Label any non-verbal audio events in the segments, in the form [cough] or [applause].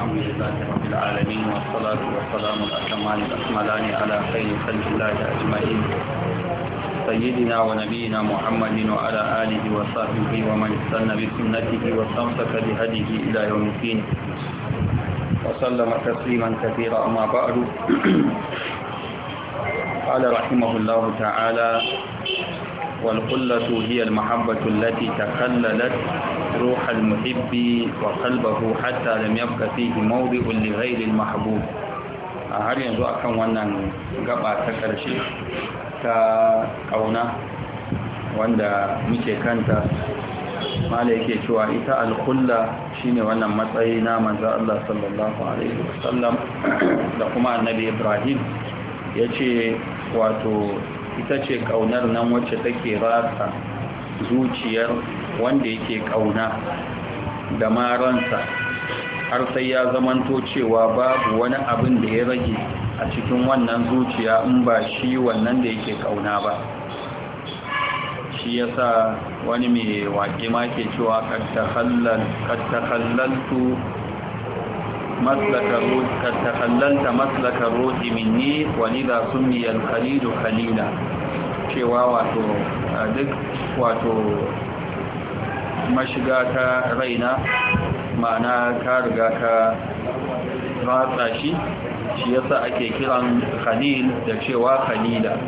الحمد لله رب العالمين والصلاة والسلام الأكمان الأكملان على خير خلق الله أجمعين سيدنا ونبينا محمد وعلى آله وصحبه ومن استنى بسنته واستمسك بهديه إلى يوم الدين وسلم تسليما كثيرا أما بعد [clears throat] قال رحمه الله تعالى والقلة هي المحبة التي تخللت روح المحب وقلبه حتى لم يبقى فيه موضع لغير المحبوب har yanzu akan wannan gaba ta ƙarshe ta ƙauna wanda muke kanta mala yake cewa ita alkulla shine wannan matsayi na manzo Allah sallallahu alaihi wasallam da kuma annabi Ibrahim yace wato ita ce ƙaunar nan wacce take rasa zuciyar wanda yake ƙauna da maransa har sai ya zamanto cewa babu wani abin da ya rage a cikin wannan zuciya in ba shi wannan da yake ƙauna ba shi ya sa wani mai waƙe ma ke cewa kattakhallaltu مسلك الروح قد تخللت مسلك الروح مني ولذا سمي الخليل خليلا cewa wato duk wato mashiga ta raina ma'ana ka riga ka ratsa shi shi yasa ake kiran khalil da cewa khalila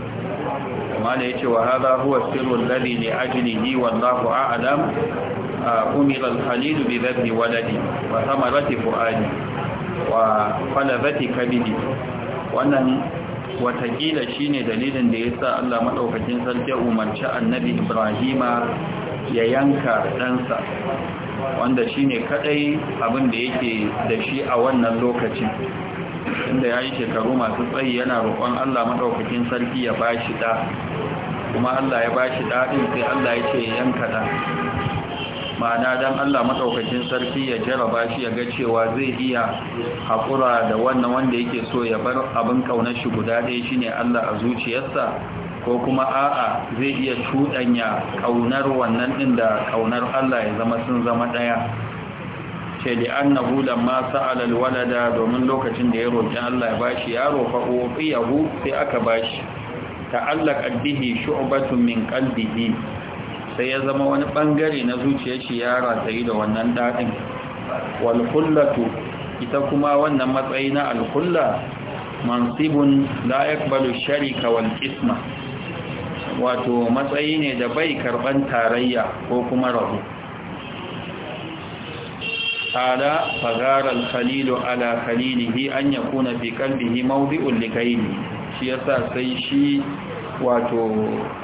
kuma da yace wa hadha huwa sirru alladhi li ajlihi wallahu waladi wa wa falabati kabidi wannan watakila shine dalilin da ya yasa Allah madaukakin sarki umarci annabi Ibrahima ya yanka ɗansa wanda shine kadai abin da yake da shi a wannan lokacin inda ya yi shekaru masu tsayi yana roƙon Allah maɗaukakin sarki ya ba shi ɗa kuma Allah ya ba shi sai Allah ya ce yanka da. ma'ana don Allah maɗaukakin sarki ya jaraba shi ya ga cewa zai iya haƙura da wannan wanda yake so ya bar abin ƙaunar shi guda ɗaya shine Allah a zuciyarsa ko kuma a'a zai iya cuɗanya ƙaunar wannan ɗin da ƙaunar Allah ya zama sun zama ɗaya ce da annahu lamma sa'ala alwalada domin lokacin da ya roƙi Allah ya bashi yaro fa ufiyahu sai aka bashi ta'allaq bihi shu'batun min qalbihi sai ya zama wani bangare na zuciya shi ya ratayi da wannan daɗin walkullatu ita kuma wannan matsayi na alkulla mansibun la balu sharika wal isma wato matsayi ne da bai karban tarayya ko kuma rabu ala fagar al-khalil ala khalilihi an yakuna fi qalbihi mawdi'un likaini shi yasa sai shi wato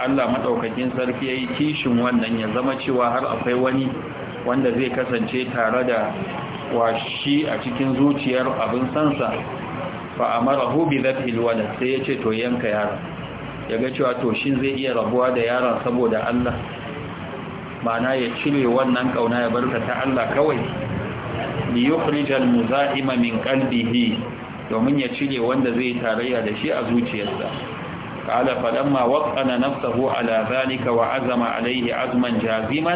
Allah maɗaukakin sarki yayi kishin wannan ya zama cewa har akwai wani wanda zai kasance tare da washi a cikin zuciyar abin sansa fa mara bi dhabil walad sai yace to yanka yaron ga cewa to shin zai iya rabuwa da yaron saboda Allah ma'ana ya cire wannan kauna ya barka ta Allah kawai li yukhrij al muzaima min qalbihi domin ya cire wanda zai tarayya da shi a zuciyarsa قال فلما وطن نفسه على ذلك وعزم عليه عزما جازما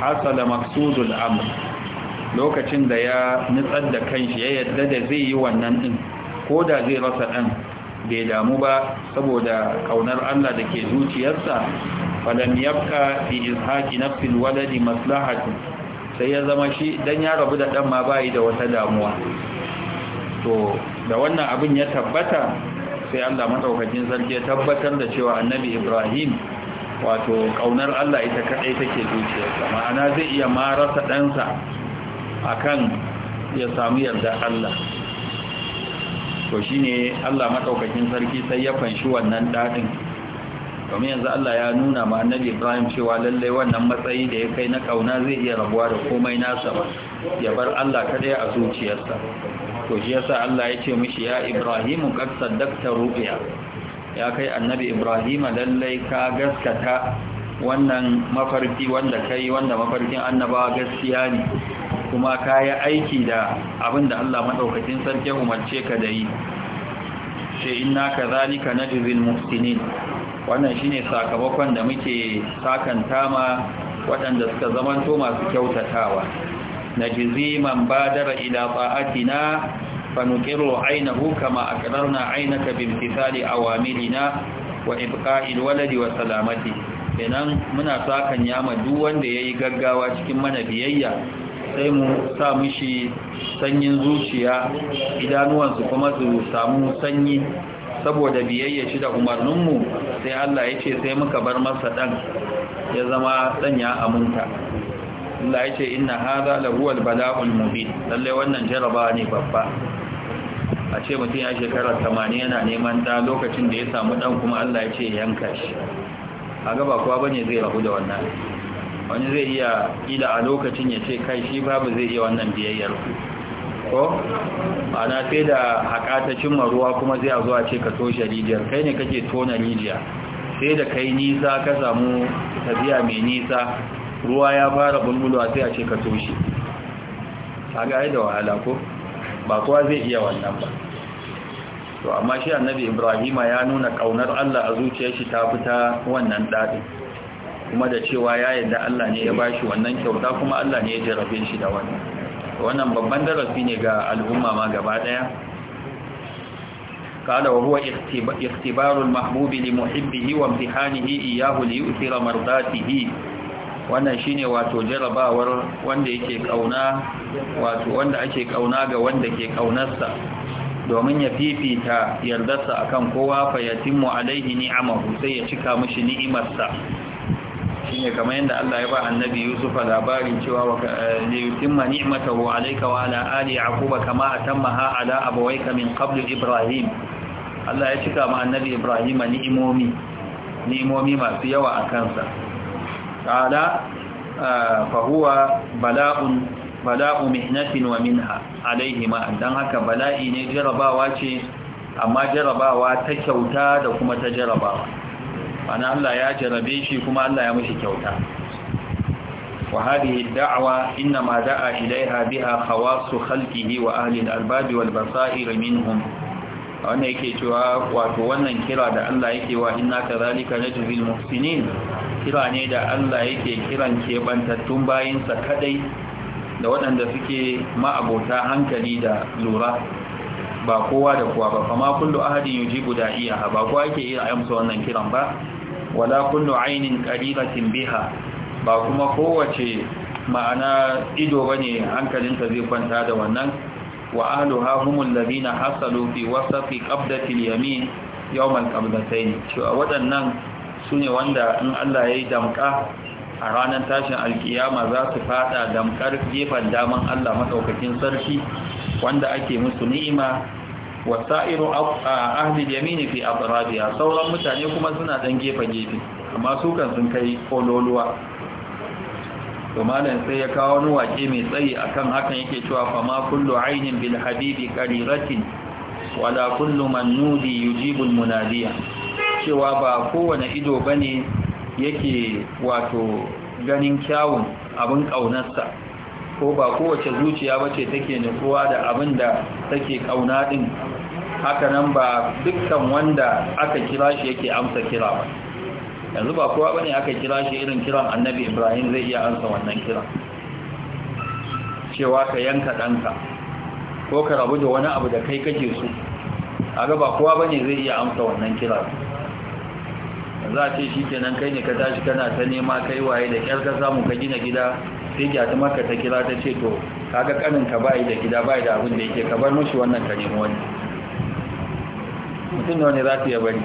حصل مقصود الأمر lokacin da ya nitsar da kan shi ya yarda da zai yi wannan din ko da zai rasa ɗan bai damu ba saboda ƙaunar Allah da ke zuciyarsa falam yabka fi izhaqi nafsil maslahatu sai ya zama shi dan ya rabu da ɗan ma bayi da wata damuwa to da wannan abin ya tabbata sai Allah madaukakin sarki ya tabbatar da cewa annabi Ibrahim wato kaunar Allah ita kadai take zuciyarsa ma'ana zai iya marasa ɗansa akan ya samu yarda Allah to shine Allah madaukakin sarki sai ya fanshi wannan dadin domin yanzu Allah ya nuna ma annabi Ibrahim cewa lalle wannan matsayi da ya kai na kauna zai iya rabuwa da komai nasa ba ya bar Allah kadai a zuciyarsa to shi yasa Allah ya ce mishi ya Ibrahimu qad saddaqta ru'ya ya kai annabi Ibrahim lallai ka gaskata wannan mafarki wanda kai wanda mafarkin annabawa gaskiya ne kuma ka aiki da abinda da Allah madaukakin sarki umarce ka da yi sai inna kadhalika najzil muhsinin wannan shine sakamakon da muke sakanta ma waɗanda suka zamanto masu kyautatawa na jiziman badara ila Atina. فنقر عينه كما أقررنا عينك بامتثال أوامرنا وإبقاء الولد وسلامته kenan muna sakan yama duk wanda yayi gaggawa cikin mana biyayya sai mu sa mishi sanyin zuciya idanuwansu kuma su samu sanyi saboda biyayya shi da umarninmu sai Allah ya ce sai muka bar masa dan ya zama dan ya aminta Allah ya ce inna hadha lahuwal bala'ul mubin lalle wannan jaraba ne babba a ce mutum ya shekarar tamanin yana neman ta lokacin da ya samu dan kuma Allah ya ce yanka shi a gaba kuwa bane zai rabu da wannan wani zai iya ila a lokacin ya ce kai shi babu zai iya wannan biyayyar ko ana sai da haka ta cimma ruwa kuma zai a zuwa ce ka toshe rijiyar kai ne kake tona rijiya sai da kai nisa ka samu tafiya mai nisa ruwa ya fara bulbulwa sai a ce ka toshe a ga da wahala ko ba kowa zai iya wannan ba to amma shi annabi ibrahima ya nuna kaunar Allah a zuciyar shi ta fita wannan dadi kuma da cewa ya yarda Allah ne ya bashi wannan kyauta kuma Allah ne ya jarabe shi da wannan wannan babban darasi ne ga al'umma ma gaba daya قال وهو اختبار المحبوب لمحبه وامتحانه إياه ليؤثر مرضاته wannan shine wato jarabawar wanda yake kauna wato wanda ake kauna ga wanda ke kaunarsa domin ya fifita yardarsa akan kowa fa yatimmu alaihi ni'amahu sai ya cika mishi ni'imarsa shine kamar yadda Allah ya ba annabi Yusuf labari cewa wa eh, yutimma ni'matahu alayka wa ala ali yaquba kama atammaha ala abawayka min qabl ibrahim Allah ya cika ma annabi Ibrahim ni'imomi ni'imomi masu yawa akan sa تعالى فهو uh, bala'u بلاء wa ومنها عليه ما دان haka bala'i ne jarabawa ce amma jarrabawa ta kyauta da kuma ta jarrabawa. ana Allah ya jarrabe shi kuma Allah ya mishi kyauta wa hadhihi ad-da'wa inma da'a ilayha biha khawasu khalqihi wa ahli al-albab wal basa'ir minhum wanda yake cewa wato wannan kira da Allah yake wa inna kadhalika najzil muhsinin kira ne da Allah yake kiran kebantattun bayinsa kadai da waɗanda suke ma'abota hankali da lura ba kowa da kowa ba fama kullu ahadin yujibu da'iya ba kowa yake yi amsa wannan kiran ba wala kullu ainin qalilatin biha ba kuma kowace ma'ana ido bane hankalinta zai kwanta da wannan وأهلها هم الذين حصلوا في وسط قبضة اليمين يوم القبضتين شو wanda in Allah ya yi يدمك a ranar tashin alkiyama za su fada damkar gefen daman Allah maɗaukakin sarki wanda ake musu ni'ima wa sa'iru ahli yamini fi atrabiya sauran mutane kuma suna dan gefe gefe amma su kan sun kai kololuwa to malam sai ya kawo wani wake mai tsayi akan hakan yake cewa fa ma kullu ainin bil habibi qariratin wala kullu mannudi yujibu al munadiya cewa ba kowane ido bane yake wato ganin kyawun abin ƙaunarsa ko ba kowace zuciya bace take nutsuwa da abin da take ƙauna din haka nan ba dukkan wanda aka kira shi yake amsa kira ba yanzu ba kowa bane aka kira shi irin kiran annabi ibrahim zai iya ansa wannan kiran cewa ka yanka ɗanka ko ka rabu da wani abu da kai kake so aga ba kowa bane zai iya amsa wannan kira za ce shi kenan kai ne ka tashi kana ta nema kai waye da kyar ka samu ka gina gida sai ta maka ta kira ta ce to kaga kanin ka bai da gida bai da abin da yake ka bar mushi wannan ka nemi wani mutum ne wani za ta yi bari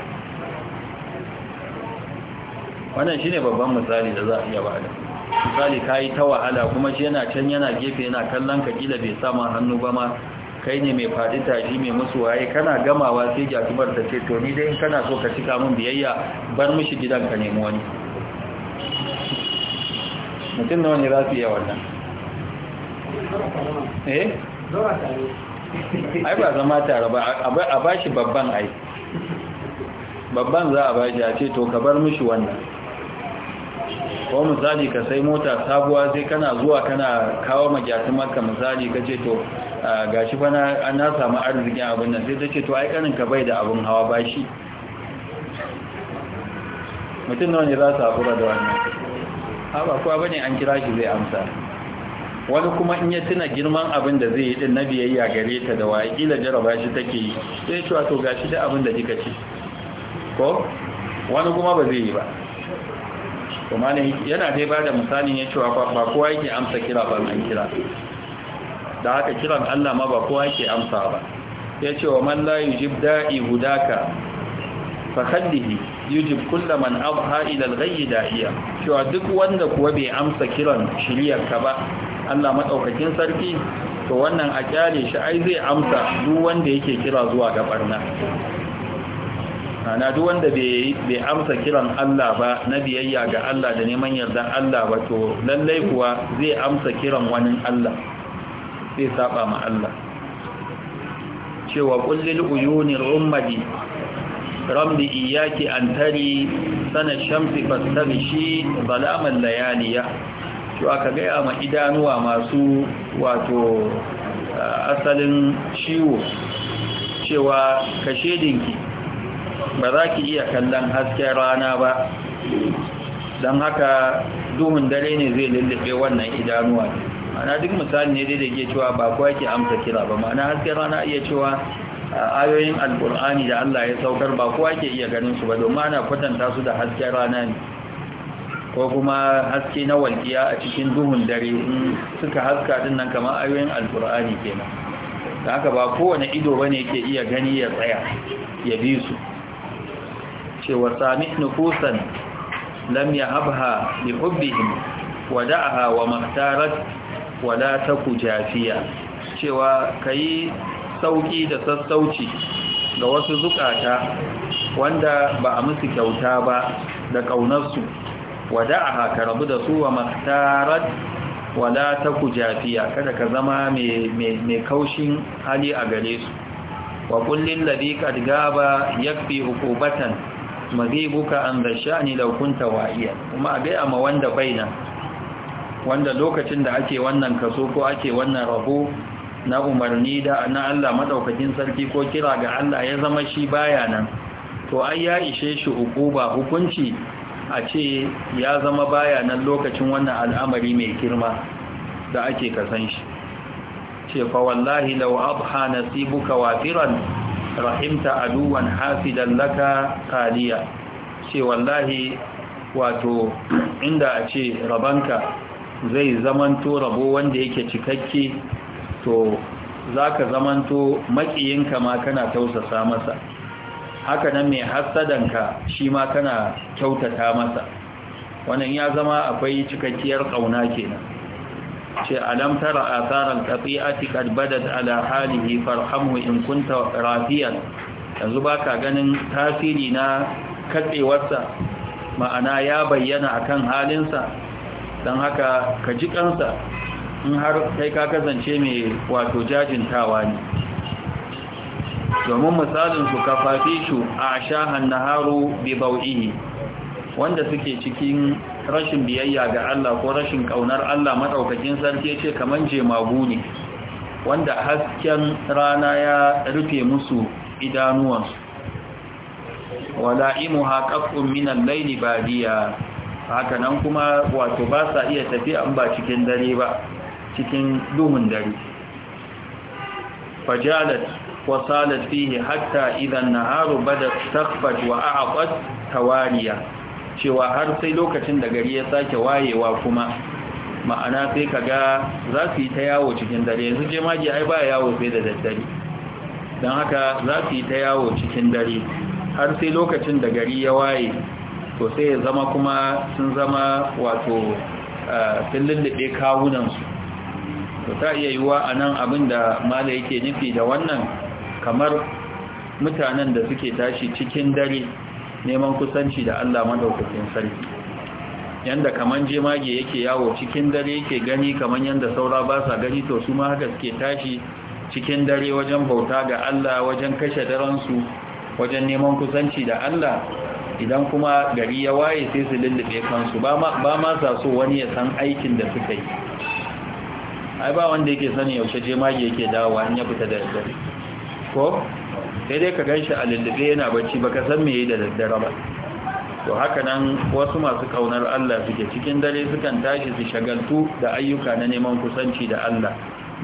wannan shine babban misali da za a iya bada misali kai ta wahala kuma shi yana can yana gefe yana kallon ka kila bai sama hannu ba ma kai ne mai faɗi tashi mai musu waye kana gamawa sai jakubar ta ce to ni dai in kana so ka cika min biyayya bar mishi gidan ka nemi wani mutum nawa ne za su iya wannan eh ai ba zama tare ba a bashi babban ai babban za a bashi a ce to ka bar mishi wannan ko misali ka sai mota sabuwa sai kana zuwa kana kawo magyatun maka misali ka ce to ga shi fa na samu arzikin abin nan sai ta ce to ai kanin ka bai da abin hawa ba shi mutum nawa ne za su haƙura da wannan haɓa kuwa ba ne an kira shi zai amsa wani kuma in ya tuna girman abin da zai yi din na biyayya gare ta da wa ƙila jaraba shi take yi sai cewa to ga shi da abin da kika ci ko wani kuma ba zai yi ba kuma ne yana dai ba da misalin ya cewa ba kowa yake amsa kira ba an kira da haka kiran Allah ma ba kowa yake amsa ba ya ce wa man la yujib da'i hudaka fa yujib kull man abha ila al-ghayy da'iya cewa duk wanda kuwa bai amsa kiran shiriyar ka ba Allah madaukakin sarki to wannan a kyale shi ai zai amsa duk wanda yake kira zuwa ga barna ma'ana duk wanda bai amsa kiran Allah ba na biyayya ga Allah da neman yarda Allah ba to lallai kuwa zai amsa kiran wani Allah zai saba ma Allah cewa kullil uyunir ummadi rabbi iyaki an tari sana shamsi fastabishi zalaman layaliya aka ka gaya ma idanuwa masu wato asalin ciwo cewa kashedinki ba za ki iya kallon hasken rana ba don haka duhun dare ne zai lullube wannan idanuwa ana duk misali ne dai da ke cewa ba kuwa ke amsa kira ba ma'ana hasken rana iya cewa ayoyin alkur'ani da Allah ya saukar ba kuwa ke iya ganin su ba domin ana kwatanta su da hasken rana ne ko kuma haske na walƙiya a cikin duhun dare in suka haska din nan kamar ayoyin alkur'ani kenan da haka ba kowane ido bane ke iya gani ya tsaya ya bi su cewa samih nufusan lam yahabha li hubbihim wada'aha wa maktarat wala taku jafiya cewa kayi sauki da sassauci ga wasu zukata wanda ba a musu kyauta ba da kaunarsu wada'aha ka rabu da su wa maktarat wala taku jafiya kada ka zama mai kaushin hali a gare su wa kullin ladhi qad gaba yakfi hukubatan maghibuka an dashani law kunta wa'iya kuma a gaya ma wanda baina wanda lokacin da ake wannan kaso ko ake wannan rabo na umarni da na Allah madaukakin sarki ko kira ga Allah ya zama shi baya nan to ai ya ishe shi hukuba hukunci a ce ya zama baya nan lokacin wannan al'amari mai girma da ake kasan shi ce fa wallahi law abha nasibuka wafiran rahimta aduwan hasidan laka kaliya ce wallahi wato inda a ce rabanka zai zamanto rabo wanda yake cikakke to za ka zamanto maƙiyinka ma kana tausasa masa haka nan mai hasadanka shi ma kana kyautata masa wannan ya zama akwai cikakkiyar ƙauna kenan ce alam tara atharan qati'ati qad badat ala halihi farhamhu in kunta rafiyan yanzu baka ganin tasiri na katsewarsa ma'ana ya bayyana akan halinsa don haka ka ji kansa in har kai ka kasance mai wato jajintawa ne domin misalin su fafi shu a shahan naharu bi bau'ihi wanda suke cikin rashin biyayya ga Allah ko rashin kaunar Allah madaukakin sarki ce kaman jemagu ne wanda hasken rana ya rufe musu idanuwansu wala imuha qaffun min al-layli badiya haka nan kuma wato ba sa iya tafiya an ba cikin dare ba cikin dumin dare fajalat wasalat fihi hatta idan naharu badat takhfaj wa a'qat tawaliya cewa har sai lokacin da gari ya sake wayewa kuma ma'ana sai ka ga za su yi ta yawo cikin dare yanzu jemage ai ba yawo sai da daddare don haka za su yi ta yawo cikin dare har sai lokacin da gari ya waye to sai ya zama kuma sun zama wato eh, sun lullube kawunansu to ta iya yiwuwa a nan abin da mala yake nufi da wannan kamar mutanen da suke tashi cikin dare neman kusanci da Allah madaukakin sarki yanda kaman jemage yake yawo cikin dare yake gani kaman yanda saura ba sa gani to su ma haka suke tashi cikin dare wajen bauta ga Allah wajen kashe daren su wajen neman kusanci da Allah idan kuma gari ya waye sai su lullube kansu ba ma sa so wani ya san aikin da suka yi ai ba wanda yake sani yaushe jemage yake dawowa in ya fita da dare ko sai dai ka gan shi a lullube yana bacci baka san me da daddare ba to haka nan wasu masu kaunar Allah suke cikin dare sukan tashi su shagaltu da ayyuka na neman kusanci da Allah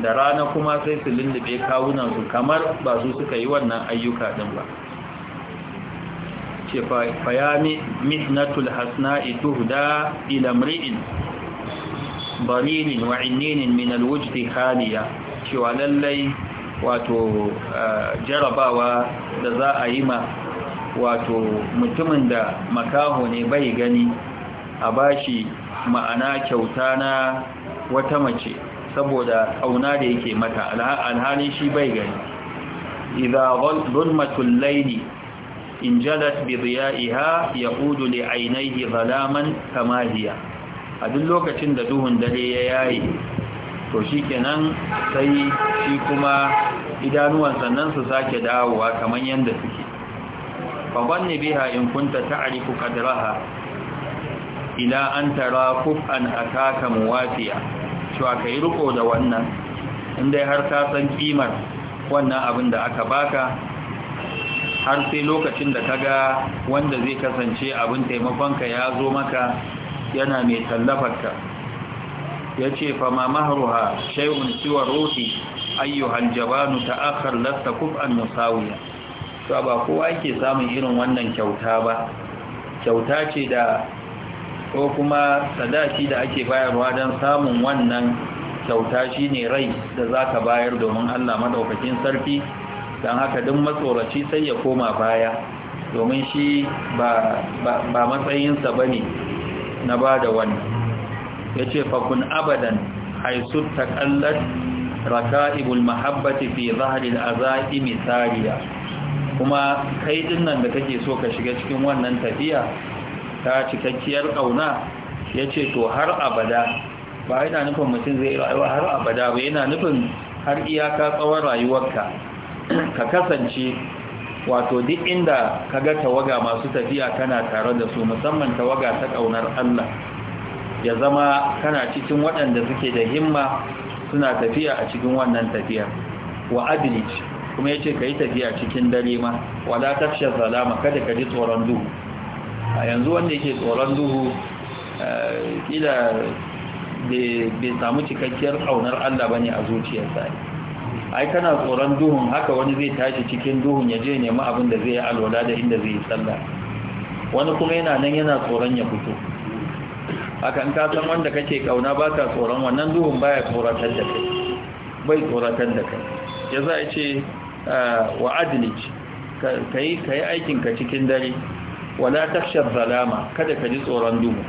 da rana kuma sai su lullube kawunan su kamar ba su suka yi wannan ayyuka din ba ce fa ya mitnatul hasna'i tuhda ila mri'in barilin wa min alwujdi khaliya cewa lallai wato jarabawa da za a yi ma wato mutumin da makaho ne bai gani a bashi ma'ana kyauta na wata mace saboda auna da yake mata alhalin shi bai gani idza dhulmatul layli in jalat bi dhiya'iha yaqudu li aynayhi zalaman kama hiya a duk lokacin da duhun dare ya yayi to shi kenan sai shi kuma idanuwan sannan su sake dawowa kamar yadda suke babban ne biha in kunta ta'rifu qadraha ila an tara kuf'an kaka muwafiya to yi riko da wannan inda har ka san kimar wannan abin da aka baka har sai lokacin da ka ga wanda zai kasance abin taimakonka ya zo maka yana mai tallafarka yace fa ma mahruha shay'un siwa ruhi ta jabanu akar lasta kuf'an nusawiya to ba kowa yake samun irin wannan kyauta ba kyauta ce da ko kuma sadaki da ake bayarwa don samun wannan kyauta shine rai da za ka bayar domin Allah madaukakin sarfi don haka duk matsoraci sai ya koma baya domin shi ba matsayinsa ba ne na ba da wannan ya ce fakun abadan haisu raka raka'ibul mahabbati fi zaharil aza'i misaliya kuma kai dinnan da kake so ka shiga cikin wannan tafiya ta cikakkiyar ƙauna ya ce to har abada ba yana nufin mutum zai rayuwa har abada ba yana nufin har iyaka tsawon rayuwarka ka kasance wato duk inda ka ga tawaga masu tafiya kana tare da su musamman tawaga ta ƙaunar Allah ya zama kana cikin waɗanda suke da himma suna tafiya a cikin wannan tafiya wa adlij kuma yace yi tafiya cikin dare ma wala tafsha salama kada ka ji tsoron duhu a yanzu wanda yake tsoron duhu eh, kila bai samu cikakkiyar kaunar Allah bane a zuciyarsa ai kana tsoron duhun haka wani zai tashi cikin duhun ya je nemi abin da zai yi alwala da inda zai yi sallah wani kuma yana nan yana tsoron ya fito haka in ka san wanda kake kauna ba ka tsoron wannan duhun baya tsoratar da kai bai tsoratar da kai ya za a ce ah, wa adilic ka yi aikinka cikin dare wala tashar zalama kada ka ji tsoron duhu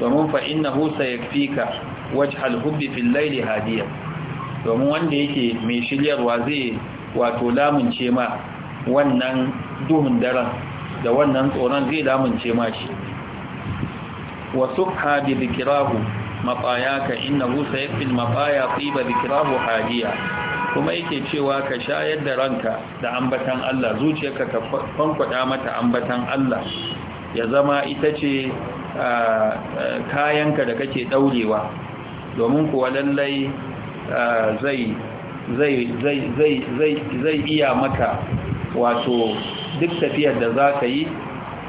domin fa innahu sayakfika wajhal hubbi fil layli hadiya domin wanda yake mai shiryarwa zai wato lamunce ma wannan duhun daren da wannan tsoron zai lamunce ma shi وسبحى بذكراه مطاياك إنه سيكفي المطايا طيب ذكراه حاجيا kuma yake cewa ka shayar da ranka da ambatan Allah zuciyarka ka fankwada mata ambatan Allah ya zama ita ce kayanka da kake daurewa domin kuwa lallai zai zai iya maka wato duk tafiyar da za ka yi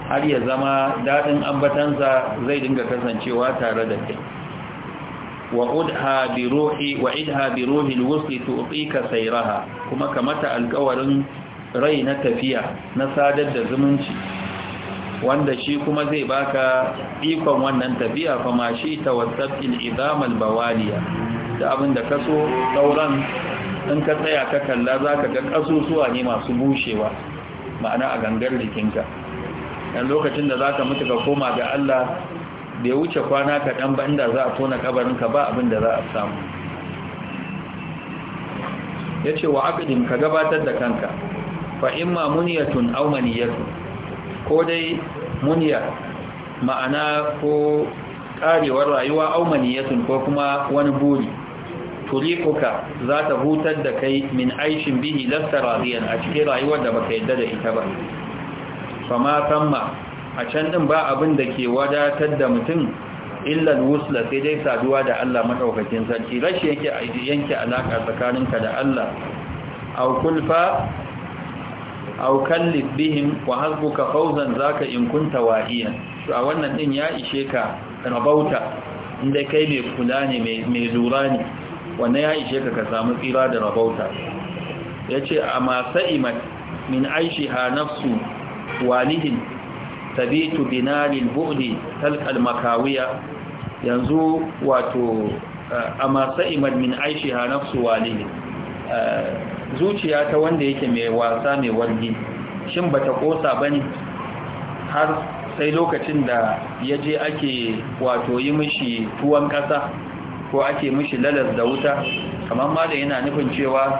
har ya zama daɗin ambatansa zai dinga kasancewa tare da kai udha bi ruhi idha bi ruhi alwusli tu'tika sayraha kuma kamata alƙawarin rai na tafiya na sadar da zumunci wanda shi kuma zai baka ikon wannan tafiya fa ma shi in idam albawaliya da abin da kaso sauran in ka tsaya ka kalla zaka ga kasusuwa ne masu bushewa ma'ana a gangar jikinka dan lokacin da zaka mutu ka koma ga Allah bai wuce kwana kaɗan ba inda za a tona kabarinka ba abin da za a samu ya ce wa aƙidin ka gabatar da kanka fa imma muniyatun au ko dai muniya ma'ana ko ƙarewar rayuwa au maniyatun ko kuma wani buri kuka za ta hutar da kai min aishin bihi lasta radiyan a cikin rayuwar da baka yadda da ita ba fama samma a can din ba abin da ke wadatar da mutum illal wusla sai dai saduwa da Allah madaukakin sarki rashi yake yanke alaka tsakaninka da Allah aw kulfa aw kallif bihim wa hasbuka fawzan zaka in kunta wahiyan to a wannan din ya ishe ka rabauta inda kai mai kula ne mai lura ne wannan ya ishe ka ka samu tsira da rabauta yace amma sa'imat min aishiha nafsu walihin tabitu binalin bu'di talqal makawiya yanzu wato eh, amma sa'imad min aishiha nafsu walihin eh, zuciya ta wanda yake mai wasa mai wargi shin bata ba ne har sai lokacin da ya je ake wato yi mishi tuwon ƙasa ko ake mishi lalas da wuta kamar ma da yana nufin cewa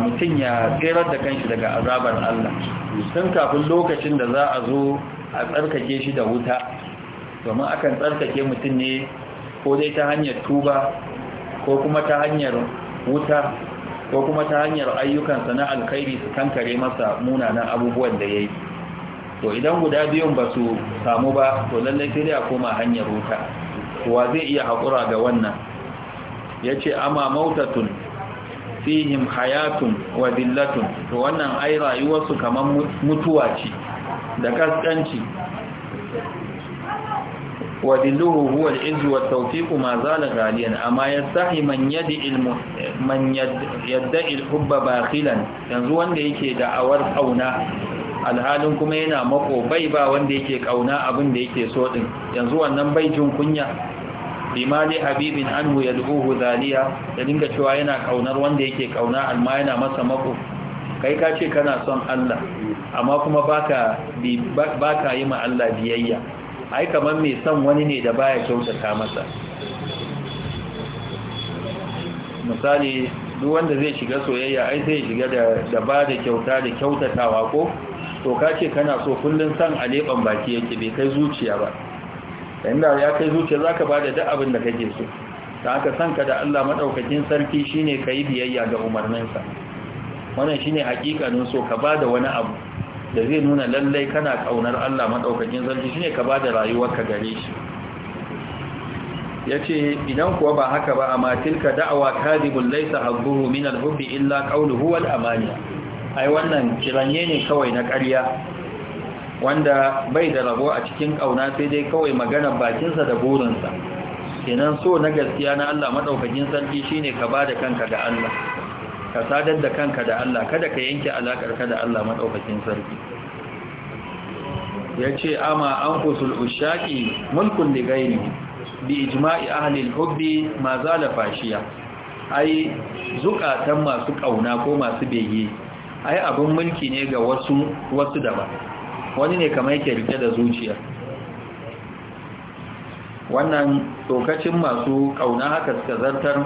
mutum ya tsirar da kanshi daga azabar Allah sun kafin lokacin da za a zo a tsarkake shi da wuta domin akan tsarkake mutum ne ko dai ta hanyar tuba ko kuma ta hanyar wuta ko kuma ta hanyar ayyukansa na alkhairi su kankare masa munanan abubuwan da ya yi to idan guda biyun ba su samu ba to lallai sai dai a koma hanyar wuta wa zai iya haƙura ga wannan ya ce ama mautatun fihim hayatun wa dillatun to wannan ai rayuwarsu kamar mutuwa ce da kaskanci wa dilluhu huwa al-izzu wa tawfiqu ma zala ghaliyan amma yastahi man yadi man al-hubba bakhilan yanzu wanda yake da'awar kauna alhalin kuma yana mako bai ba wanda yake kauna abin da yake so din yanzu wannan bai jin kunya bimali habibin anhu duhu zaliya ya dinga cewa yana kaunar wanda yake kauna amma yana masa mako kai ka ce kana son Allah amma kuma baka baka yi ma Allah biyayya ai kaman mai son wani ne da baya kyautata masa misali duk wanda zai shiga soyayya ai zai shiga da da ba da kyauta da kyautatawa ko to ka ce kana so kullun san aleban baki yake bai kai zuciya ba inda ya kai zuciya zaka bada duk abin da kake so da aka sanka da Allah madaukakin sarki shine kai biyayya ga umarninsa wannan shine hakikanin so ka bada wani abu da zai nuna lallai kana kaunar Allah madaukakin sarki shine ka bada rayuwarka gare shi yace idan kuwa ba haka ba amma tilka da'awa kadibul laysa hazzuhu min al-hubbi illa qawluhu wal amaniya ai wannan kiranye ne kawai na ƙarya wanda bai da rabo a cikin kauna sai dai kawai maganar bakinsa da burinsa kenan so na gaskiya na Allah madaukakin sarki shine ka bada kanka ga Allah ka sadar da kanka da Allah kada ka yanke alakar ka da Allah madaukakin sarki yace ama anfusul ushaqi mulkun li bi ijma'i ahli al-hubbi ma zala fashiya ai zukatan masu kauna ko masu bege ai abun mulki ne ga wasu wasu daban wani ne kamar yake rike da zuciya wannan tsokacin masu kauna haka suka zartar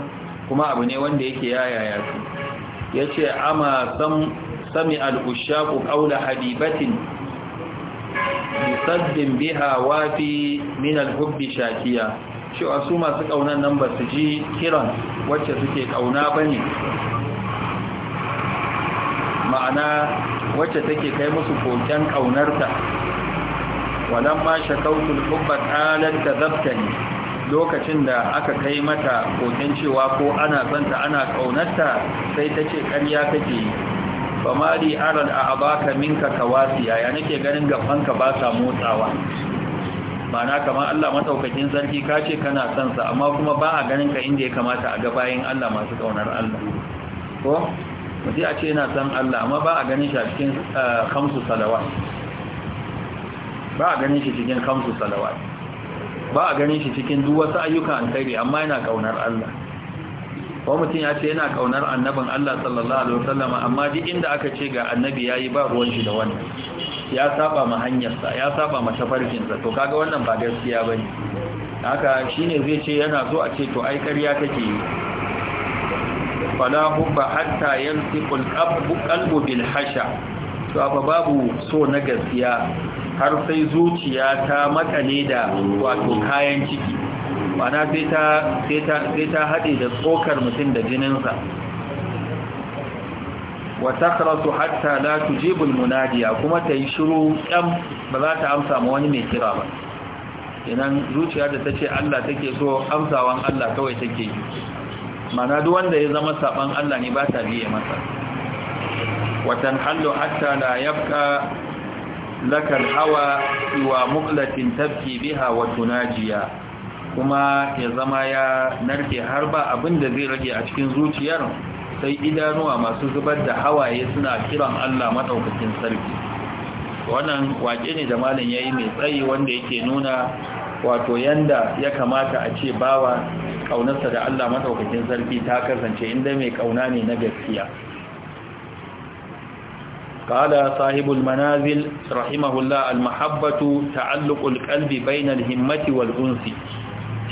kuma abu ne wanda yake yayaya su ya ce ama sam sami al'ushaku kaula habibatin bisaddin biha wafi min alhubbi shakiya cewa su masu ƙaunar nan ba su ji kiran wacce suke ƙauna ba ne ma'ana wacce take kai musu koken ƙaunarta wadan ma shakautul hubba da kadhabtani lokacin da aka kai mata koken cewa ko ana zanta ana ƙaunarta sai ta ce ƙarya kake yi fama li aral a abaka minka kawasiya ya nake ganin gabanka ba sa motsawa mana kamar Allah mataukakin sarki ka ce kana son sa amma kuma ba a ganin ka inda ya kamata a ga bayin Allah masu kaunar Allah ko mutum a ce yana san Allah amma ba a ganin shi a cikin eh, kamsu salawat ba a ganin shi cikin kamsu salawat ba a ganin shi cikin duk wasu ayyukan alkhairi amma yana kaunar Allah ko mutum ya ce yana kaunar annabin Allah sallallahu alaihi wasallam amma duk inda aka ce ga annabi yayi ba ruwan shi da wannan ya saba ma hanyarsa ya saba ma tafarkinsa to kaga wannan ba gaskiya bane haka shine zai ce yana so a ce to ai ƙarya kake yi fala hubba hatta yantiqu al-qalbu qalbu bil hasha to fa babu so na gaskiya har sai zuciya ta makale da wato kayan ciki mana sai ta sai ta sai ta hade da tsokar mutum da jininsa wa takrasu hatta la tujibu al-munadiya kuma ta yi shiru kam ba za ta amsa ma wani mai kira ba Ina zuciya da tace Allah take so amsawan Allah kawai take yi mana duk wanda ya zama saban Allah ne ba ta biye masa watan hallu hatta la yabqa laka hawa wa muqlatin tabki biha wa tunajiya kuma ya zama ya narke har ba abin da zai rage a cikin zuciyar sai idanuwa masu zubar da hawaye suna kiran Allah madaukakin sarki wannan waƙe ne da malam yayi mai tsayi wanda yake nuna wato yanda ya kamata a ce bawa kaunarsa da Allah madaukakin sarki ta kasance inda mai kauna ne na gaskiya قال صاحب المنازل رحمه الله المحبة تعلق القلب بين الهمة والأنس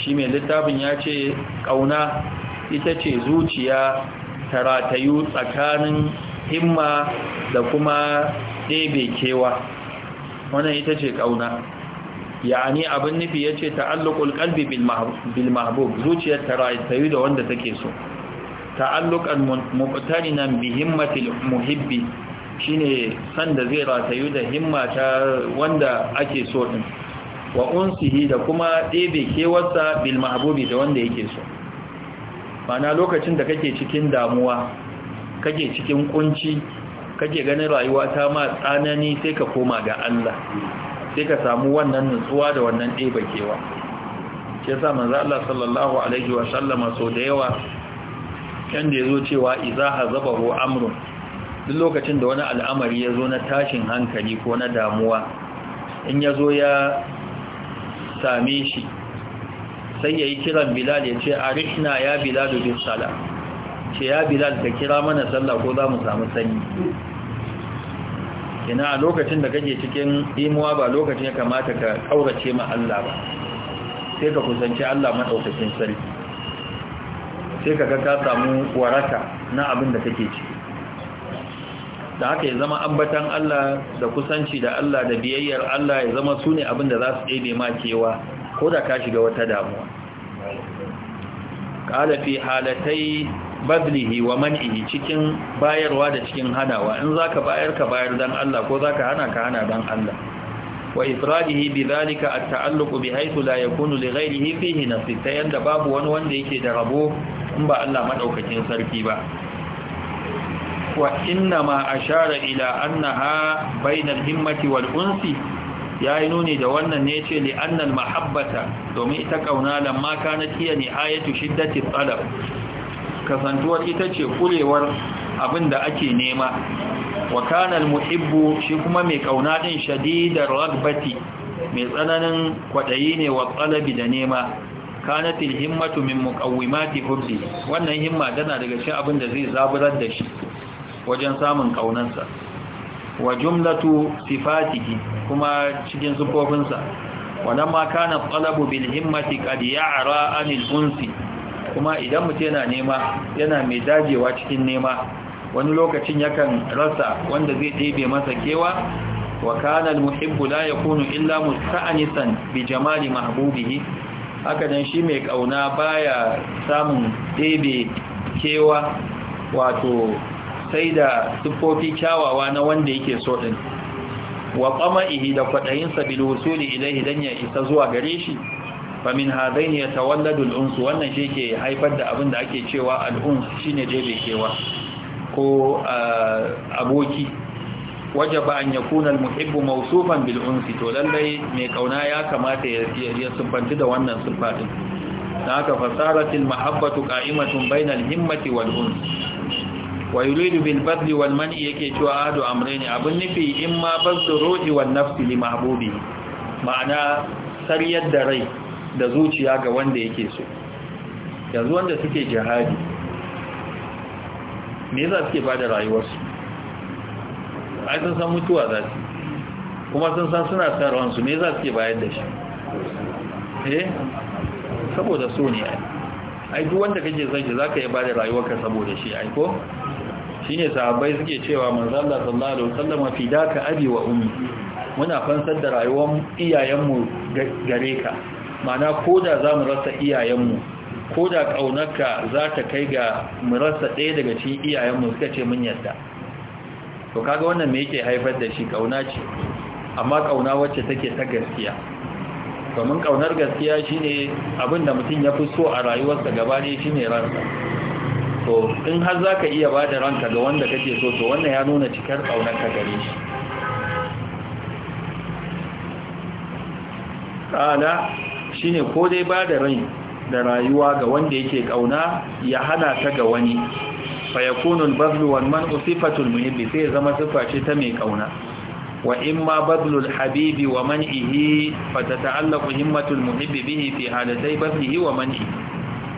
shi mai littafin ya ce ƙauna ita ce zuciya ta ratayu tsakanin himma da kuma ɗebe kewa wannan ita ce ƙauna yani abin nufi ya ce ta'alluqul ƙalbi bil zuciyar ta rayu da wanda take so Ta'allukan muqtarinan bi himmatil muhibbi shine ne sanda zai ratayu da himma ta wanda ake so din wa unsihi da kuma ɗebe kewarsa bilmahbubi da wanda yake so mana lokacin da kake cikin damuwa kake cikin kunci kake ganin rayuwa ta ma tsanani sai ka koma ga Allah sai ka samu wannan nutsuwa da wannan kewa shi sa manzo Allah sallallahu alaihi wa sallama so da yawa kan da yazo cewa idza hazabahu amrun duk lokacin da wani al'amari yazo na tashin hankali ko na damuwa in yazo ya same shi sai yayi kiran Bilal ya ce arishna ya Bilal bis sala ce ya Bilal ka kira mana sallah ko za mu samu sanyi ina a lokacin da kake cikin imuwa ba lokacin ya kamata ka kaurace ma Allah ba sai ka kusanci Allah madaukakin sarki sai ka ka samu waraka na abin da kake ci. da haka ya zama ambatan Allah da kusanci da Allah da biyayyar Allah ya zama sune ne abin da za su ɗebe ma kewa ko da ka shiga wata damuwa Ƙalafi fi halatai bablihi wa man'ihi cikin bayarwa da cikin hanawa in zaka bayar ka bayar dan Allah ko zaka hana ka hana dan Allah wa ifradihi bidhalika at-ta'alluq bihaythu la yakunu li ghayrihi fihi nasib ta yanda babu wani wanda yake da rabo in ba Allah madaukakin sarki ba wa inna ma ashara ila annaha bayna al-himmati wal unsi yayi nuni da wannan ne yace li anna mahabbata domin ita kauna lamma kanat hiya nihayatu shiddati talab kasantuwar ita ce kulewar abin da ake nema wa kanal muhibbu shi kuma mai kauna din shadidar ragbati mai tsananin kwadayi ne wa talabi da nema kanatil himmatu min muqawwimati hubbi wannan himma tana daga cikin abin da zai zaburar da shi wajen samun kaunarsa wa jumlatu sifatihi kuma cikin sifofinsa wannan ma kana talabu bil himmati qad ya'ra anil unsi kuma idan mutum yana nema yana mai dajewa cikin nema wani lokacin yakan rasa wanda zai ɗebe masa kewa wa kana ya la yakunu illa musta'anisan bi jamali mahbubihi haka dan shi mai kauna baya samun ɗebe kewa wato sai da siffofi kyawawa na wanda yake so ɗin. wa qama'ihi da kwaɗayinsa bil wusuli ilayhi dan ya isa zuwa gare shi fa min hadaini yatawalladu al-uns wannan shi ke haifar da abin da ake cewa al shine jebe kewa ko aboki wajaba an muhibbu mausufan bil to lallai mai kauna ya kamata ya sifanci da wannan sifa Na haka fasarat mahabbatu qa'imatun bainar himmati wal uns wa yuridu bil badli wal man'i yake cewa adu amrayni abin nufi imma bazdu ruhi wan nafsi li mahbubi ma'ana sariyar da rai da zuciya ga wanda yake so yanzu wanda suke jihadi me za suke ba da rayuwarsu ai sun san mutuwa za su kuma sun san suna san rawansu me za suke bayar da shi eh saboda so ne ai ai duk wanda kake son shi ka yi ba da rayuwarka saboda shi ai ko ne sahabbai suke cewa manzanda Allah sallallahu alaihi fi daka abi wa ummi muna fansar da rayuwar iyayenmu gare ka mana ko da za mu rasa iyayenmu ko da ƙaunarka za ta kai ga mu rasa ɗaya daga cikin iyayenmu suka ce mun yarda, to kaga wannan me yake haifar da shi ƙauna ce amma ƙauna wacce take ta gaskiya domin ƙaunar gaskiya shine abin da mutum ya fi so a rayuwarsa gaba ɗaya shine ransa to in har za ka iya ba da ranka ga wanda kake so to wannan ya nuna cikar ƙaunarka gare shi Ƙana. shine ko dai ba da rai da rayuwa ga wanda yake kauna ya hana ta ga wani fa yakunu al wal man'u sifatul muhibbi sai zama sifa ta mai kauna wa imma badlu al-habibi wa man'ihi fa tata'allaqu himmatu al-muhibbi bihi fi halatay badlihi wa man'ihi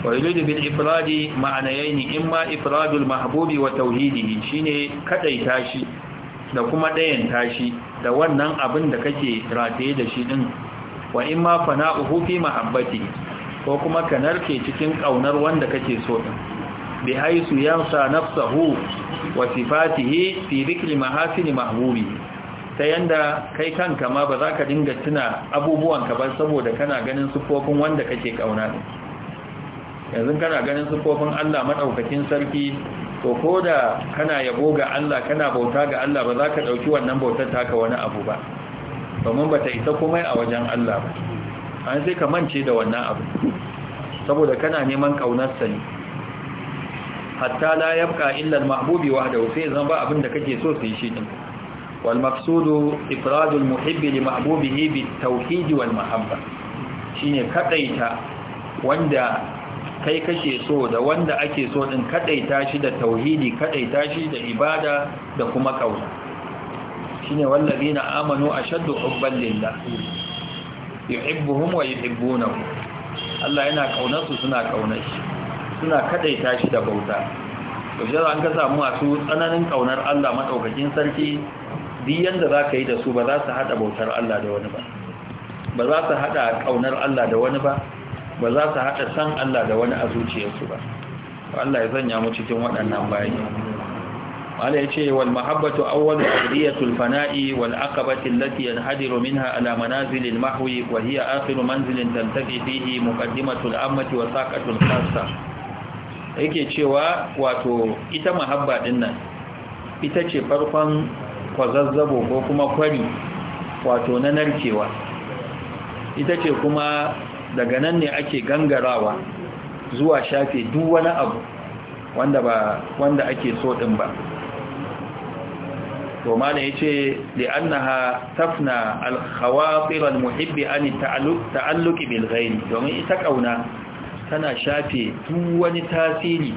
ويريد بالإفراد معنيين إما إفراد wa وتوحيده Shine كدي تاشي da kuma ɗayan tashi da wannan abin da kake rataye da shi ɗin wa in ma Fana uhu fi mahabbati ko kuma ka narke cikin kaunar wanda kake so din bi haisu yansa nafsahu wa sifatihi fi dhikri mahasin mahbubi ta yanda kai kanka ma ba za ka dinga tuna abubuwan ka ba saboda kana ganin sufofin wanda kake kauna din yanzu kana ganin sufofin Allah madaukakin sarki to koda kana yabo ga Allah kana bauta ga Allah ba za ka dauki wannan bautar taka wani abu ba domin ba ta isa komai a wajen Allah ba an sai ka mance da wannan abu saboda kana neman kaunarsa ne hatta la yabqa illa al-mahbubi wahdahu sai zan ba abin da kake so sai shi din wal maqsudu ifradu al-muhibbi li mahbubihi bi tawhid wal mahabba shine kadaita wanda kai kake so da wanda ake so din kadaita shi da tauhidi kadaita shi da ibada da kuma kauna shine wallazina amanu ashaddu hubban lillah yuhibbuhum wa yuhibbunahu Allah yana kaunar su suna kaunar shi suna kadaita shi da bauta to jira an ka samu masu tsananin kaunar Allah madaukakin sarki duk yanda zaka yi da su ba za su hada bautar Allah da wani ba ba za su hada kaunar Allah da wani ba ba za su hada san Allah da wani a zuciyarsu ba Allah ya zanya mu cikin waɗannan bayani قال يشي والمحبة أول أبدية الفناء والعقبة التي ينحدر منها على منازل المحو وهي آخر منزل تلتقي فيه مقدمة الأمة وساقة الخاصة yake cewa wato ita mahabba din nan ita ce farkon kwazazzabo ko kuma kwari wato na narkewa ita ce kuma daga nan ne ake gangarawa zuwa shafe duk wani abu wanda ba wanda ake so din ba to mana yace li annaha tafna al khawatir al muhibb an ta'alluq ta'alluq bil domin ita kauna tana shafe duk wani tasiri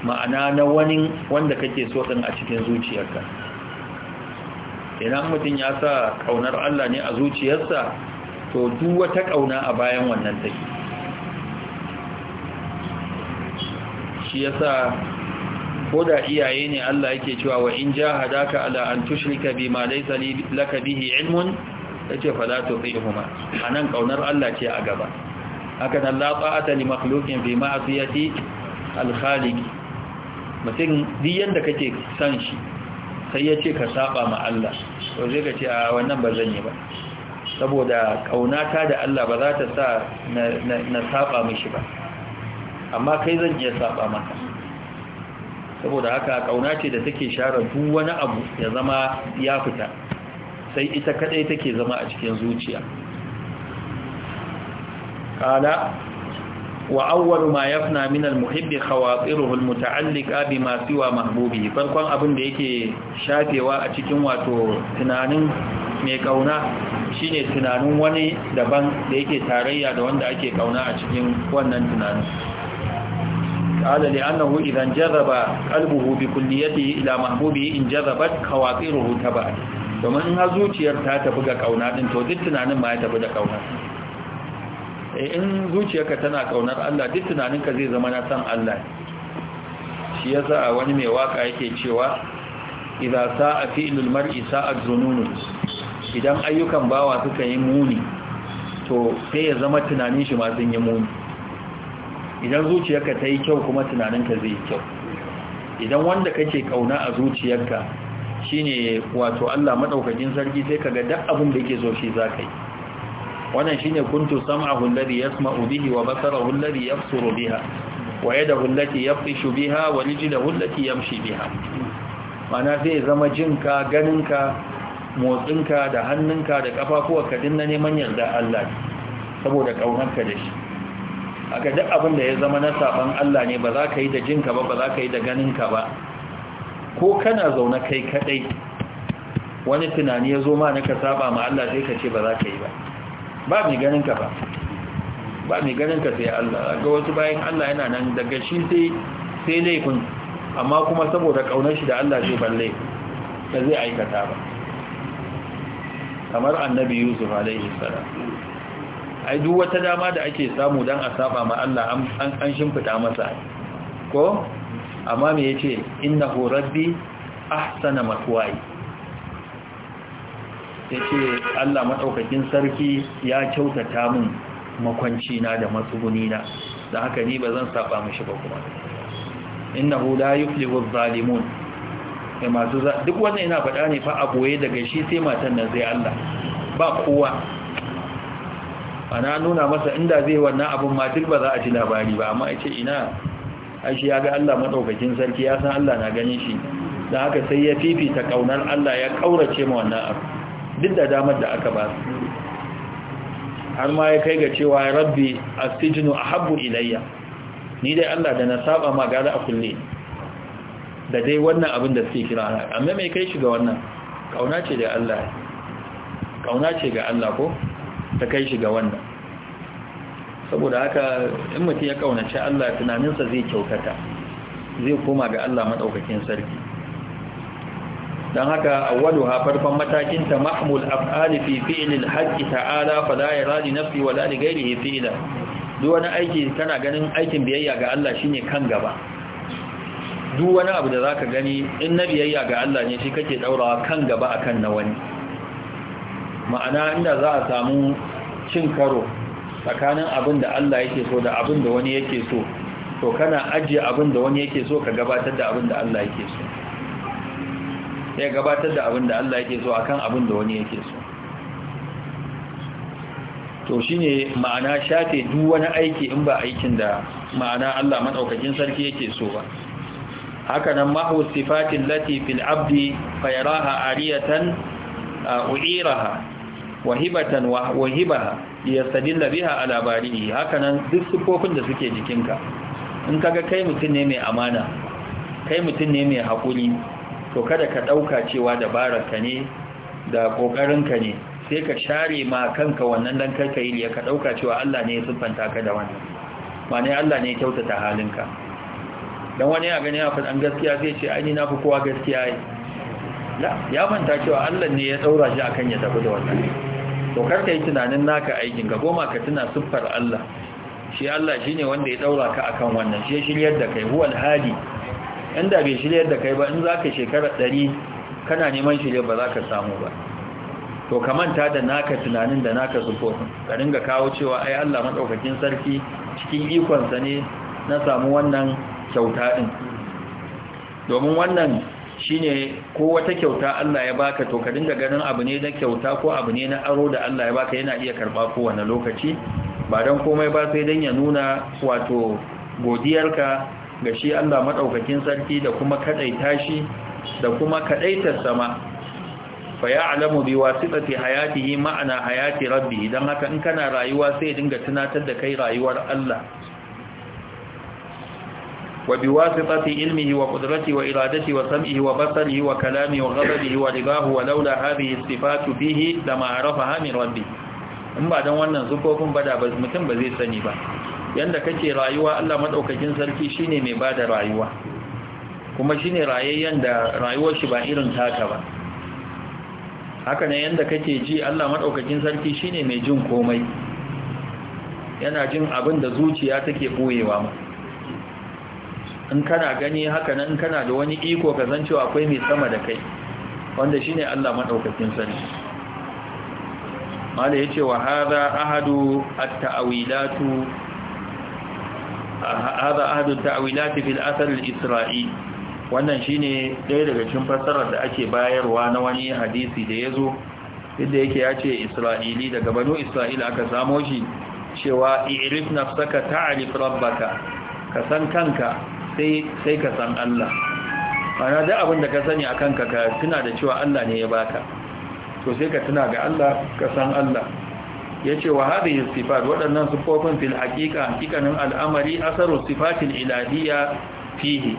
ma'ana na wani wanda kake so din a cikin zuciyarka idan mutum ya sa kaunar Allah ne a zuciyarsa to duk wata kauna a bayan wannan take shi yasa ko da iyaye ne Allah yake cewa wa in jahadaka ala an tushrika bima laysa laka bihi ilmun yace fala tuqihuma anan kaunar Allah ce a gaba haka nan la ta'ata li makhluqin fi ma'siyati al-khaliq mutum duk yanda kake san shi sai yace ka saba ma Allah to zai ka ce a wannan ba zan yi ba saboda kaunata da Allah ba za ta sa na saba mishi ba amma kai zan iya saba maka saboda haka kauna ce da take share duk wani abu ya zama ya fita sai ita kadai take zama a cikin zuciya qala wa awwal ma yafna min al-muhibbi khawatiruhu al-muta'alliqa bima siwa mahbubi farkon abin da yake shafewa a cikin wato tunanin mai kauna shine tunanin wani daban da yake tarayya da wanda ake kauna a cikin wannan tunanin قال لأنه إذا انجذب قلبه بكليته إلى محبوبه انجذبت خواطره تبعا domin in ha zuciyar ta tafi ga kauna to duk tunanin ma ya tafi da kauna in zuciyarka tana kaunar Allah duk tunaninka zai zama na san Allah shi yasa wani mai waka yake cewa idza sa'a fi'lul mar'i sa'at zununu idan ayyukan bawa suka yi muni to sai ya zama tunanin shi ma sun yi muni idan zuciyarka ta yi kyau kuma tunaninka zai yi kyau idan wanda kake kauna a zuciyarka shine wato Allah maɗaukakin sarki sai kaga duk abin da yake so shi yi. wannan shine kuntu sam'ahu alladhi yasma'u bihi wa basarahu alladhi yabsuru biha wa yadahu allati yabtishu biha wa rijluhu allati yamshi biha mana zai zama jinka ganinka motsinka da hannunka da kafafuwa ka na neman yarda Allah saboda kaunarka da shi aka duk abin da ya zama na saban Allah ne ba za ka yi da jinka ba ba za ka yi da ganinka ba ko kana zaune kai kadai wani tunani ya zo ma na ka saba ma Allah sai ka ce ba za ka yi ba ba mai ganinka ba ba mai ganinka sai Allah ga wasu bayan Allah yana nan daga shi sai sai laifin amma kuma saboda kaunar shi da Allah zai balle ba zai aikata ba kamar annabi Yusuf alaihi salam ai duk wata dama da ake samu dan a saba ma Allah an an shimfida masa ko amma me yace innahu rabbi ahsana ya yace Allah madaukakin sarki ya kyautata min makwanci na da matsuguni na da haka ni bazan saba mishi ba kuma innahu la yuflihu adh-dhalimun duk wannan yana faɗa ne fa a ɓoye daga shi sai matan nan zai Allah ba kowa ana nuna masa inda zai wannan abin matil ba za a ji labari ba amma ce ina aishi ya ga Allah madaukakin sarki ya san Allah na ganin shi don haka sai ya fifita kaunar Allah ya kaurace ma wannan abu duk da damar da aka ba su har ma ya kai ga cewa rabbi a ahabbu ilayya ni dai Allah da na saba ma gada a kulle da dai wannan abin da suke kira amma mai kai shi ga wannan kauna ce da Allah kauna ce ga Allah ko ta kai shi ga wannan saboda haka in mutum ya kaunaci Allah tunaninsa zai kyautata zai koma ga Allah madaukakin sarki don haka awwaluha farkon matakin ta ma'amul af'ali fi fi'lil haqq ta'ala fa la yaradi nafsi wa la li ghayrihi fi'ila duk wani aiki kana ganin aikin biyayya ga Allah shine kan gaba duk wani abu da zaka gani in na biyayya ga Allah ne shi kake daurawa kan gaba akan na wani ma'ana inda za a samu cin karo tsakanin abin da Allah yake so da abin da wani yake so to kana ajiye abin da wani yake so ka gabatar da abin da Allah yake so ya gabatar da abin da Allah yake so akan abin da wani yake so to shine ma'ana shafe duk wani aiki in ba aikin da ma'ana Allah madaukakin sarki yake so ba haka nan mahu sifatin lati fil abdi fayaraha ariyatan u'iraha wahibatan wahiba yastadilla biha ala Haka hakanan duk sifofin da suke jikinka in kaga kai mutum ne mai amana kai mutum ne mai hakuri to kada ka dauka cewa dabararka ne da kokarinka ne sai ka share ma kanka wannan dan karka yi ka dauka cewa Allah ne ya siffanta ka da wannan mane Allah ne ya kyautata halinka dan wani ya gani ya faɗan gaskiya zai ce ai ni na fi kowa gaskiya ya manta cewa Allah ne ya daura shi akan ya tafi da wannan to ka yi tunanin naka aikin ka goma ka tuna siffar Allah shi Allah shine wanda ya daura ka akan wannan shi shiryar da kai huwal hadi inda bai shiryar da kai ba in zaka shekara 100 kana neman shirya ba zaka samu ba to ka manta da naka tunanin da naka siffofin ka dinga kawo cewa ai Allah madaukakin sarki cikin ikonsa ne na samu wannan kyauta din domin wannan shine ko wata kyauta Allah ya baka to ka dinga ganin abu ne na kyauta ko abu ne na aro da Allah ya baka yana iya karba kowane lokaci ba don komai ba sai don ya nuna wato godiyarka ga shi Allah maɗaukakin sarki da kuma kaɗaita shi da kuma kaɗaitar sama fa ya alamu bi wasitati hayatihi ma'ana hayati rabbi don haka in kana rayuwa sai dinga tunatar da kai rayuwar Allah وبواسطة علمه وقدرته وإرادته وسمعه وبصره وكلامه وغضبه ورضاه ولولا هذه الصفات به لما عرفها من ربه in ba don wannan zufofin bada mutum ba zai sani ba yadda kake rayuwa Allah maɗaukakin sarki shine mai ba da rayuwa kuma shine rayayyen da rayuwar shi ba irin taka ba haka ne yadda kake ji Allah maɗaukakin sarki shine mai jin komai yana jin abin da zuciya take ɓoyewa ma in kana gani haka nan kana da wani iko ka zan cewa akwai mai sama da kai wanda shine Allah madaukakin sani mala yace wa hadha ahadu at-ta'wilatu ah, hadha ahadu at-ta'wilati fil athar al-isra'i wannan shine ɗaya daga cikin fassarar da ake bayarwa na wani hadisi da yazo inda yake yace isra'ili daga banu isra'il aka samo shi cewa i'rif nafsaka ta'rif rabbaka ka san kanka sai ka san Allah ana da abin da ka sani a kanka ka tuna da cewa Allah ne ya baka to sai ka tuna ga Allah ka san Allah ya ce wa hadhihi sifat waɗannan sifofin fil haqiqa hakikanin al'amari asaru sifatil ilahiyya fihi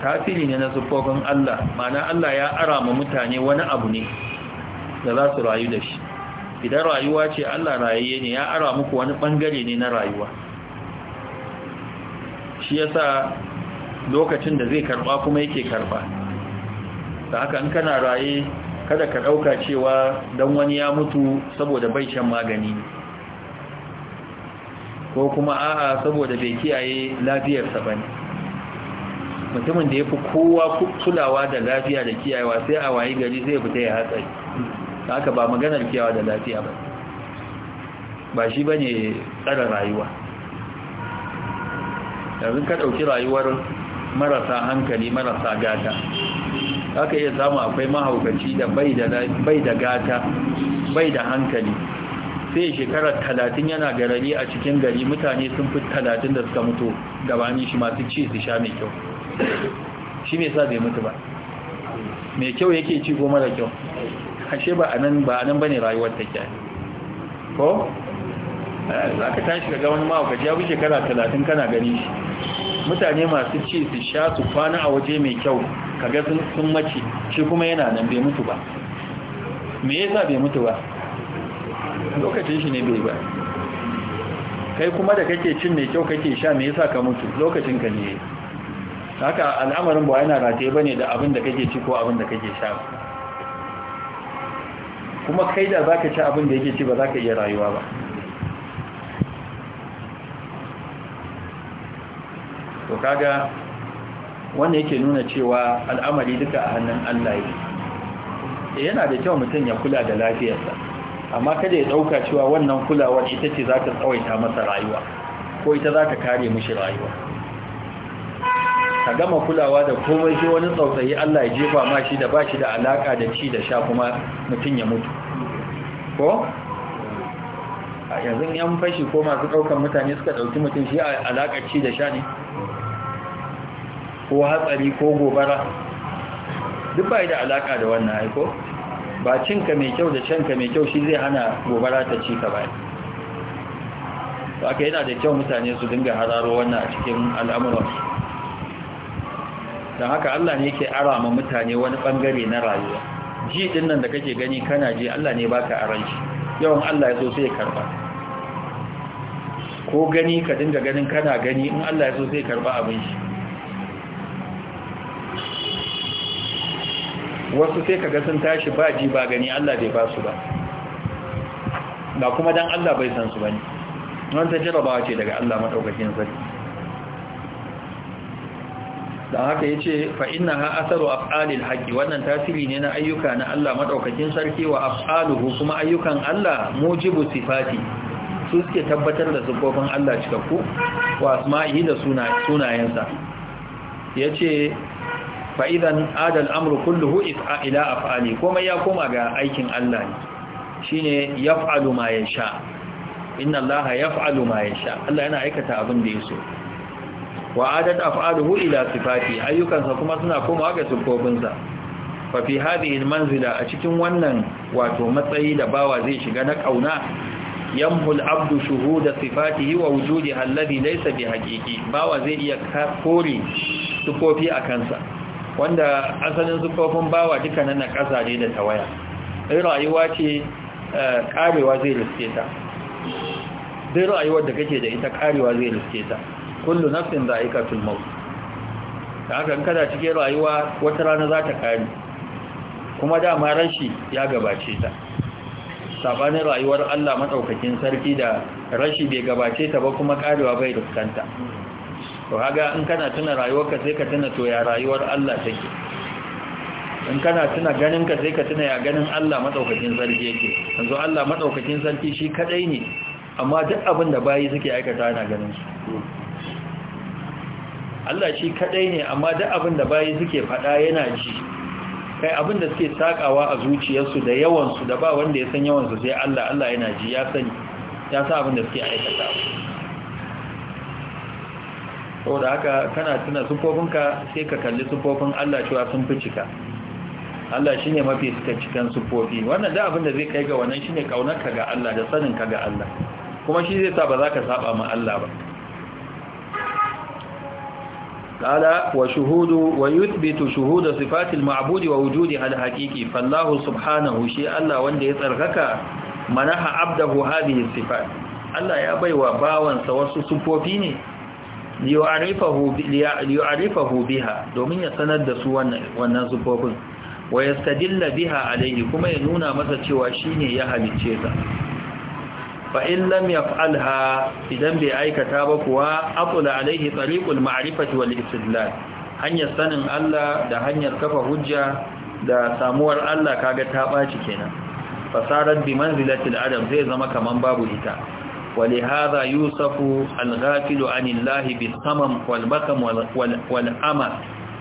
tasiri ne na sifofin Allah Mana Allah ya ara ma mutane wani abu ne da za su rayu da shi idan rayuwa ce Allah rayayye ne ya ara muku wani bangare ne na rayuwa shi yasa lokacin da zai karba kuma yake karba da haka in kana raye kada ka ɗauka cewa don wani ya mutu saboda bai shan magani ko kuma a'a saboda bai kiyaye lafiyarsa ba ne mutumin da ya fi kowa kulawa da lafiya da kiyayewa sai a wayi gari zai fita ya hatsari haka ba maganar kiyawa da lafiya ba ba shi ba ne tsara rayuwa yanzu ka ɗauki rayuwar marasa hankali marasa gata haka iya samu akwai mahaukaci da bai da gata bai da hankali sai shekarar talatin yana garari a cikin gari mutane sun fi talatin da suka mutu gabanin shi masu ci su sha mai kyau shi mai sa bai mutu ba mai kyau yake ci ko mara kyau ashe ba anan ba anan bane rayuwar ta take ko eh, za ka tashi ga wani mahaukaci ya shekara talatin kana gani shi mutane masu ci su sha su kwana a waje mai kyau kaga sun mace shi kuma yana nan bai mutu ba me yasa bai mutu ba lokacin shi ne bai ba kai kuma da kake cin mai kyau kake sha me yasa ka mutu lokacin ka ne haka al'amarin ba yana rataye bane da abin da kake ci ko abin da kake sha kuma kai da zaka ci abin da yake ci ba zaka iya rayuwa ba to kaga wanda yake nuna cewa al'amari duka a hannun Allah yake eh, yana da kyau mutum ya kula da lafiyarsa amma kada ya dauka cewa wannan kulawar ita ce za ta tsawaita masa rayuwa ko ita za ta kare mishi rayuwa ka gama kulawa da komai shi wani tsautsayi Allah ya jefa ma shi da ba shi da alaka da ci da sha kuma mutum ya mutu ko yanzu yan fashi ko masu daukan mutane suka ɗauki mutum shi alakar ci da sha ne ko hatsari ko gobara duk bai da alaka da wannan aiko ba cinka mai kyau da canka mai kyau shi zai hana gobara ta ci ka bai aka yana da kyau mutane su dinga hararo wannan a cikin al'amuransu don haka Allah ne yake arama mutane wani bangare na rayuwa ji din nan da kake gani kana ji Allah ne baka aran shi yawan Allah ya so sai karba ko gani ka dinga ganin kana gani in Allah ya so sai karba abin shi wasu sai ga sun tashi ba ji ba gani Allah bai ba su ba ba kuma dan Allah bai san su wani ta jarabawa ce daga Allah maɗaukakin sarki dan haka yace fa'inna innaha atharu af'alil haqqi wannan tasiri ne na ayyuka na Allah maɗaukakin sarki wa af'aluhu kuma ayyukan Allah mujibu sifati su suke tabbatar da sifofin Allah cikakku wa asma'i da sunayensa yace fa idan adal amru kulluhu ila af'ali kuma ya koma ga aikin Allah ne shine yaf'alu ma yasha inna Allah yaf'alu ma yasha Allah yana aikata abin da yaso wa af'alu af'aluhu ila sifati ayyukansa kuma suna koma ga sifofinsa fa fi hadhihi almanzila a cikin wannan wato matsayi da bawa zai shiga na kauna yamhul abdu shuhuda sifatihi wa wujudi alladhi laysa bihaqiqi bawa zai iya kore sifofi a kansa wanda asalin zufofin bawa nan na ƙasa ne da tawaya sai rayuwa ce eh, ƙarewa zai riske ta Sai rayuwar da kake da ita ƙarewa zai riske ta kullu nafsin da aika tulmau da haka kada cikin rayuwa wata rana za ta ƙare kuma dama rashi ya gabace ta sabanin rayuwar Allah maɗaukakin sarki da rashi bai gabace ta ba kuma ƙarewa bai riskanta to haga in kana tuna rayuwarka sai ka tuna to ya rayuwar Allah take in kana tuna ganinka sai ka tuna ya ganin Allah madaukakin sarki yake yanzu Allah madaukakin sarki shi kadai ne amma duk abin da bayi suke aikata yana ganin su Allah shi kadai ne amma duk abin da bayi suke fada yana ji kai abin da suke sakawa a zuciyarsu da yawansu da ba wanda ya san yawansu sai Allah Allah yana ji ya sani ya sa abin da suke aikata saboda haka kana tuna sufofinka sai ka kalli sufofin Allah cewa sun fi cika Allah shi ne mafi suka cikin sufofi wannan da abin da zai kai ga wannan shi ne ƙaunarka ga Allah da saninka ga Allah kuma shi zai sa ba za ka saba ma Allah ba قال وشهود ويثبت شهود صفات المعبود ووجودها الحقيقي فالله سبحانه شيء الله wanda ya tsarkaka manaha abdahu hadhihi sifat Allah ya baiwa bawansa wasu sufofi ne liya'rifahu biha domin ya sanar da su wannan zubobin wa yastadilla biha alaihi kuma ya nuna masa cewa shine ya halicce ta fa in lam yaf'alha idan bai aikata ba kuwa aqula alaihi tariqul ma'rifati wal istidlal hanyar sanin Allah da hanyar kafa hujja da samuwar Allah kaga ta baci kenan fasarar bi manzilatil adam zai zama kaman babu ita ولهذا يوصف الغافل عن الله بالصمم والبكم والعمى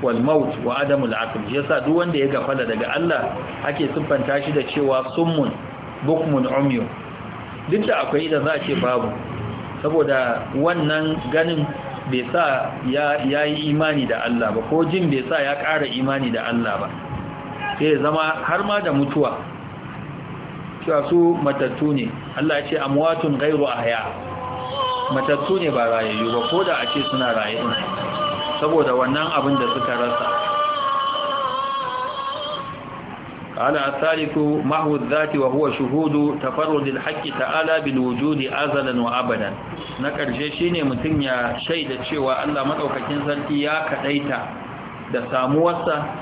والموت وعدم العقل yasa duk wanda ya gafala daga Allah ake siffanta shi da cewa summun bukmun umyu duk da akwai da za ce babu saboda wannan ganin bai sa ya yi imani da Allah ba ko jin bai sa ya ƙara imani da Allah ba sai zama har ma da mutuwa cewa su matattu ne Allah ya ce amwatun gairu ahya matattu ne ba rayayyu ba ko da a ce suna raye saboda wannan abin da suka rasa قال الثالث محو الذات وهو شهود تفرد الحق تعالى بالوجود أزلا وأبدا نكرجي شيني mutum ya شيدة شوى ألا مدعوكين sarki يا كديتا da samuwarsa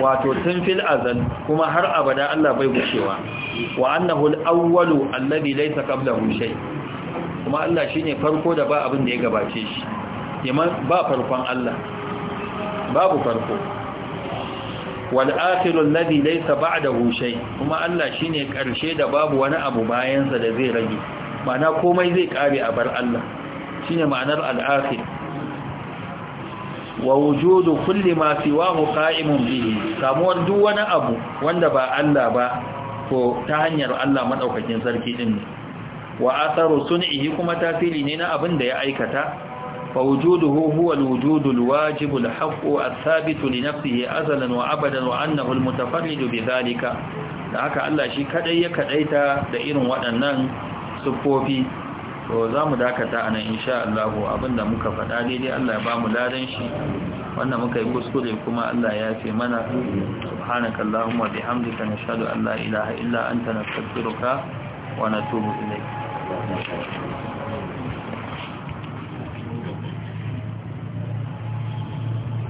wato tun fil azal kuma har abada Allah bai gushewa wa annahu al-awwalu alladhi laysa qablahu shay kuma Allah shine farko da ba abin da ya gabace shi yaman ba farkon Allah babu farko wal akhiru alladhi laysa ba'dahu shay kuma Allah shine karshe da babu wani abu bayan sa da zai rage ma'ana komai zai kare a bar Allah shine ma'anar al-akhir wa wujudu kulli ma siwahu qa'imun bihi samuwar duk wani abu wanda ba Allah ba ko ta hanyar Allah madaukakin sarki din ne wa atharu sun'ihi kuma tasiri ne na abin da ya aikata fa wujuduhu huwa alwujudu alwajibu alhaqqu athabitu li nafsihi azalan wa abadan wa annahu almutafarridu bidhalika da haka Allah shi kadai ya kadaita da irin waɗannan sufofi to za mu dakata a nan insha Allah abinda muka faɗa daidai Allah ya ba mu ladan shi wanda muka yi kuskure kuma Allah ya fi mana subhanakallahumma bihamdika nashhadu an la ilaha illa anta nastaghfiruka wa natubu ilayk